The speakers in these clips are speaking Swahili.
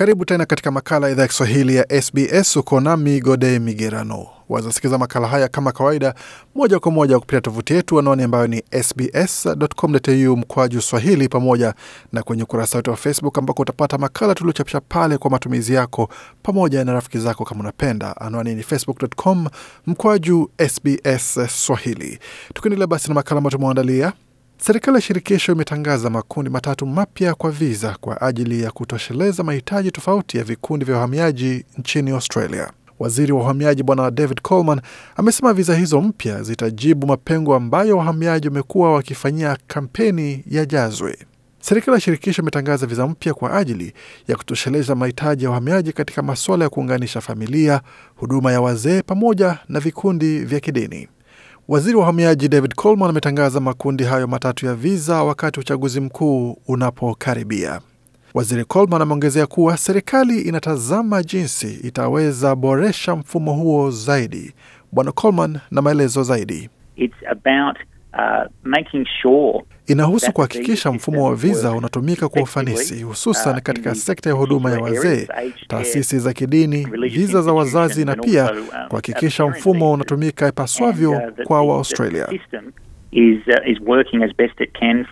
Karibu tena katika makala ya idhaa ya Kiswahili ya SBS. Uko nami Gode Migerano. Wazasikiza makala haya kama kawaida, moja kwa moja kupitia tovuti yetu anaoni ambayo ni sbs.com.au mkwaju swahili, pamoja na kwenye ukurasa wetu wa Facebook ambako utapata makala tuliochapisha pale kwa matumizi yako pamoja na rafiki zako kama unapenda. Anwani ni facebook.com mkwaju sbs swahili. Tukiendelea basi na makala ambayo tumeandalia Serikali ya shirikisho imetangaza makundi matatu mapya kwa viza kwa ajili ya kutosheleza mahitaji tofauti ya vikundi vya uhamiaji nchini Australia. Waziri wa uhamiaji Bwana David Coleman amesema viza hizo mpya zitajibu mapengo ambayo wahamiaji wamekuwa wakifanyia kampeni ya jazwe. Serikali ya shirikisho imetangaza viza mpya kwa ajili ya kutosheleza mahitaji ya wahamiaji katika masuala ya kuunganisha familia, huduma ya wazee, pamoja na vikundi vya kidini. Waziri wa uhamiaji David Coleman ametangaza makundi hayo matatu ya viza wakati uchaguzi mkuu unapokaribia. Waziri Coleman ameongezea kuwa serikali inatazama jinsi itaweza boresha mfumo huo zaidi. Bwana Coleman na maelezo zaidi. It's about Uh, inahusu kuhakikisha mfumo wa viza unatumika kwa ufanisi uh, hususan katika sekta ya huduma ya wazee, taasisi za kidini, viza za wazazi na pia um, kuhakikisha mfumo unatumika uh, ipaswavyo kwa Waaustralia.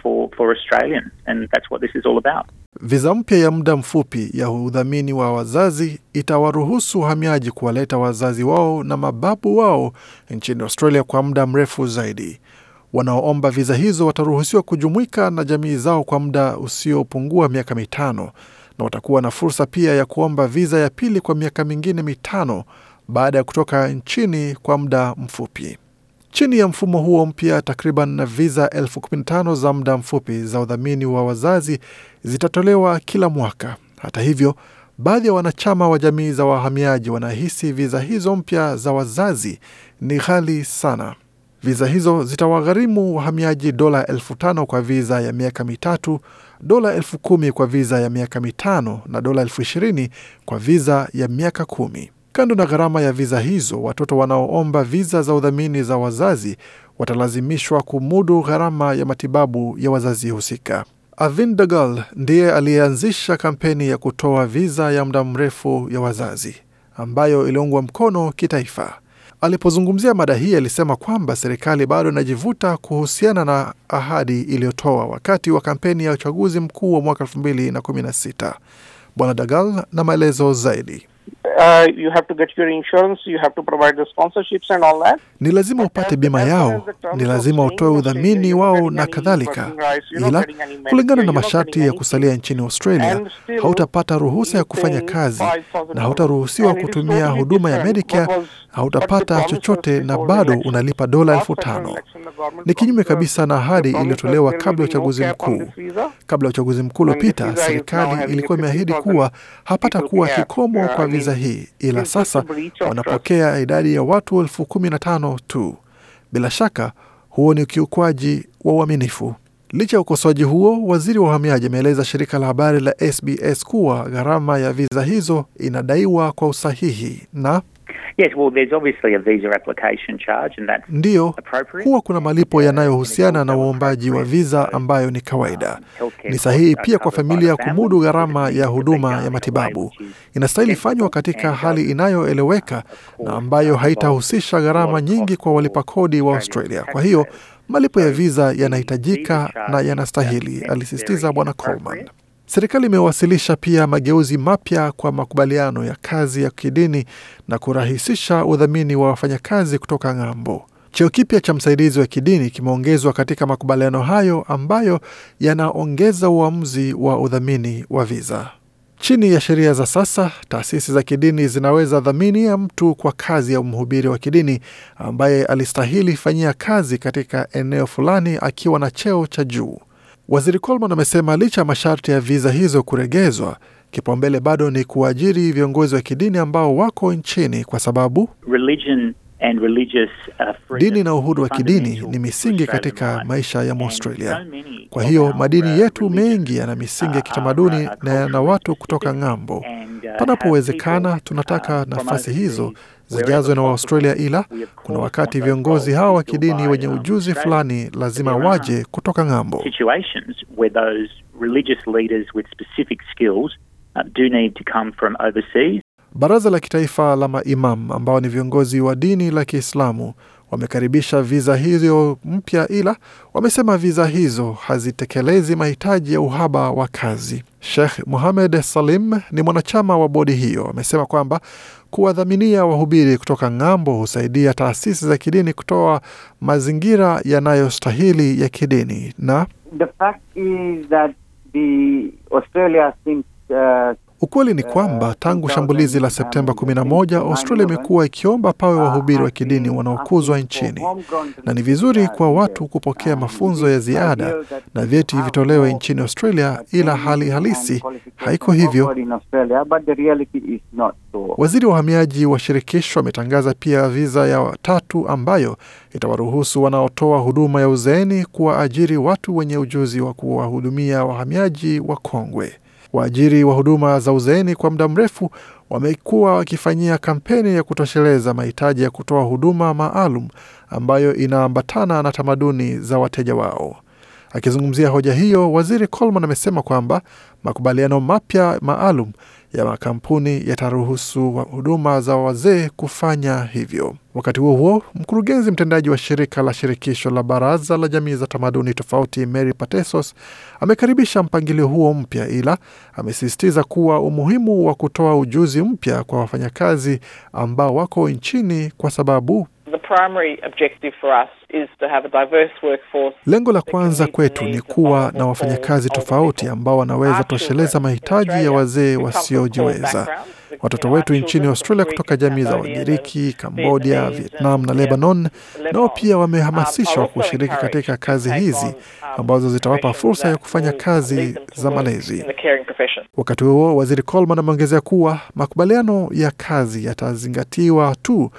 Uh, viza mpya ya muda mfupi ya udhamini wa wazazi itawaruhusu wahamiaji kuwaleta wazazi wao na mababu wao nchini Australia kwa muda mrefu zaidi. Wanaoomba viza hizo wataruhusiwa kujumuika na jamii zao kwa muda usiopungua miaka mitano na watakuwa na fursa pia ya kuomba viza ya pili kwa miaka mingine mitano baada ya kutoka nchini kwa muda mfupi. Chini ya mfumo huo mpya, takriban viza elfu kumi na tano za muda mfupi za udhamini wa wazazi zitatolewa kila mwaka. Hata hivyo, baadhi ya wanachama wa jamii za wahamiaji wanahisi viza hizo mpya za wazazi ni ghali sana. Viza hizo zitawagharimu wahamiaji dola elfu tano kwa viza ya miaka mitatu, dola elfu kumi kwa viza ya miaka mitano na dola elfu ishirini kwa viza ya miaka kumi. Kando na gharama ya viza hizo, watoto wanaoomba viza za udhamini za wazazi watalazimishwa kumudu gharama ya matibabu ya wazazi husika. Avin Dagal ndiye aliyeanzisha kampeni ya kutoa viza ya muda mrefu ya wazazi ambayo iliungwa mkono kitaifa. Alipozungumzia mada hii alisema kwamba serikali bado inajivuta kuhusiana na ahadi iliyotoa wakati wa kampeni ya uchaguzi mkuu wa mwaka 2016. Bwana Dagal na maelezo zaidi uh, you have to get your insurance, you have to provide the sponsorships and all that. Ni lazima upate bima yao, ni lazima utoe udhamini wao na kadhalika, ila kulingana na masharti ya kusalia nchini Australia hautapata ruhusa ya kufanya kazi na hautaruhusiwa kutumia huduma ya Medicare, hautapata chochote na bado unalipa dola elfu tano. Ni kinyume kabisa na ahadi iliyotolewa kabla ya uchaguzi mkuu. Kabla ya uchaguzi mkuu uliopita, serikali ilikuwa imeahidi kuwa hapata kuwa kikomo uh, kwa viza hii sahihi, ila sasa wanapokea idadi ya watu elfu kumi na tano tu. Bila shaka huo ni ukiukwaji wa uaminifu. Licha ya ukosoaji huo, waziri wa uhamiaji ameeleza shirika la habari la SBS kuwa gharama ya viza hizo inadaiwa kwa usahihi na Yes, well, there's obviously a visa application charge and that's ndiyo, huwa kuna malipo yanayohusiana na uombaji wa viza ambayo ni kawaida. Um, ni sahihi pia kwa familia kumudu gharama ya huduma ya matibabu. Inastahili fanywa katika hali inayoeleweka na ambayo haitahusisha gharama nyingi kwa walipa kodi wa Australia. Kwa hiyo malipo ya viza yanahitajika na yanastahili, alisisitiza Bwana Coleman. Serikali imewasilisha pia mageuzi mapya kwa makubaliano ya kazi ya kidini na kurahisisha udhamini wa wafanyakazi kutoka ng'ambo. Cheo kipya cha msaidizi wa kidini kimeongezwa katika makubaliano hayo ambayo yanaongeza uamuzi wa udhamini wa viza. Chini ya sheria za sasa, taasisi za kidini zinaweza dhamini ya mtu kwa kazi ya mhubiri wa kidini ambaye alistahili fanyia kazi katika eneo fulani akiwa na cheo cha juu. Waziri Coleman amesema licha ya masharti ya viza hizo kuregezwa, kipaumbele bado ni kuajiri viongozi wa kidini ambao wako nchini kwa sababu Religion and religious, uh, dini na uhuru wa kidini ni misingi katika maisha ya Mwaustralia. Kwa hiyo madini yetu mengi yana uh, misingi ya kitamaduni na yana watu kutoka ng'ambo. Uh, Panapowezekana, tunataka uh, nafasi hizo zijazwe na Waaustralia, ila kuna wakati viongozi hao wa kidini wenye ujuzi fulani lazima waje kutoka ng'ambo. Uh, Baraza la Kitaifa la Maimam ambao ni viongozi wa dini la Kiislamu wamekaribisha viza hizo mpya, ila wamesema viza hizo hazitekelezi mahitaji ya uhaba wa kazi. Sheikh muhamed Salim ni mwanachama wa bodi hiyo, amesema kwamba kuwadhaminia wahubiri kutoka ng'ambo husaidia taasisi za kidini kutoa mazingira yanayostahili ya kidini na The fact is that the Ukweli ni kwamba tangu shambulizi la Septemba 11 Australia imekuwa ikiomba pawe wahubiri wa kidini wanaokuzwa nchini, na ni vizuri kwa watu kupokea mafunzo ya ziada na vyeti vitolewe nchini Australia, ila hali halisi haiko hivyo. Waziri wa uhamiaji wa shirikisho ametangaza pia viza ya tatu ambayo itawaruhusu wanaotoa huduma ya uzeeni kuwaajiri watu wenye ujuzi wa kuwahudumia wahamiaji wakongwe. Waajiri wa huduma za uzeeni kwa muda mrefu wamekuwa wakifanyia kampeni ya kutosheleza mahitaji ya kutoa huduma maalum ambayo inaambatana na tamaduni za wateja wao. Akizungumzia hoja hiyo, Waziri Coleman amesema kwamba makubaliano mapya maalum ya makampuni yataruhusu huduma za wazee kufanya hivyo. Wakati huo huo, mkurugenzi mtendaji wa shirika la shirikisho la baraza la jamii za tamaduni tofauti Mary Patesos amekaribisha mpangilio huo mpya, ila amesisitiza kuwa umuhimu wa kutoa ujuzi mpya kwa wafanyakazi ambao wako nchini kwa sababu Lengo la kwanza kwetu ni kuwa na wafanyakazi tofauti ambao wanaweza tosheleza mahitaji ya wazee wasiojiweza. Watoto wetu nchini Australia kutoka jamii za Wagiriki, Kambodia, Vietnam na Lebanon nao pia wamehamasishwa kushiriki katika kazi hizi um, ambazo zitawapa fursa ya kufanya kazi za malezi. Wakati huo, Waziri Coleman ameongezea kuwa makubaliano ya kazi yatazingatiwa tu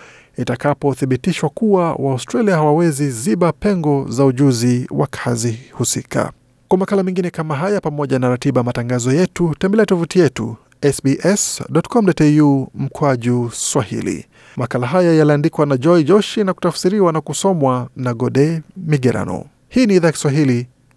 itakapothibitishwa kuwa Waaustralia hawawezi ziba pengo za ujuzi wa kazi husika. Kwa makala mengine kama haya, pamoja na ratiba matangazo yetu, tembelea tovuti yetu sbs.com.au mkwaju Swahili. Makala haya yaliandikwa na Joy Joshi na kutafsiriwa na kusomwa na Gode Migerano. Hii ni idhaa Kiswahili